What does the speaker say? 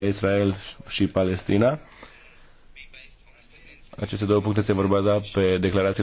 Israel și Palestina. Aceste două puncte se vor baza pe declarațiile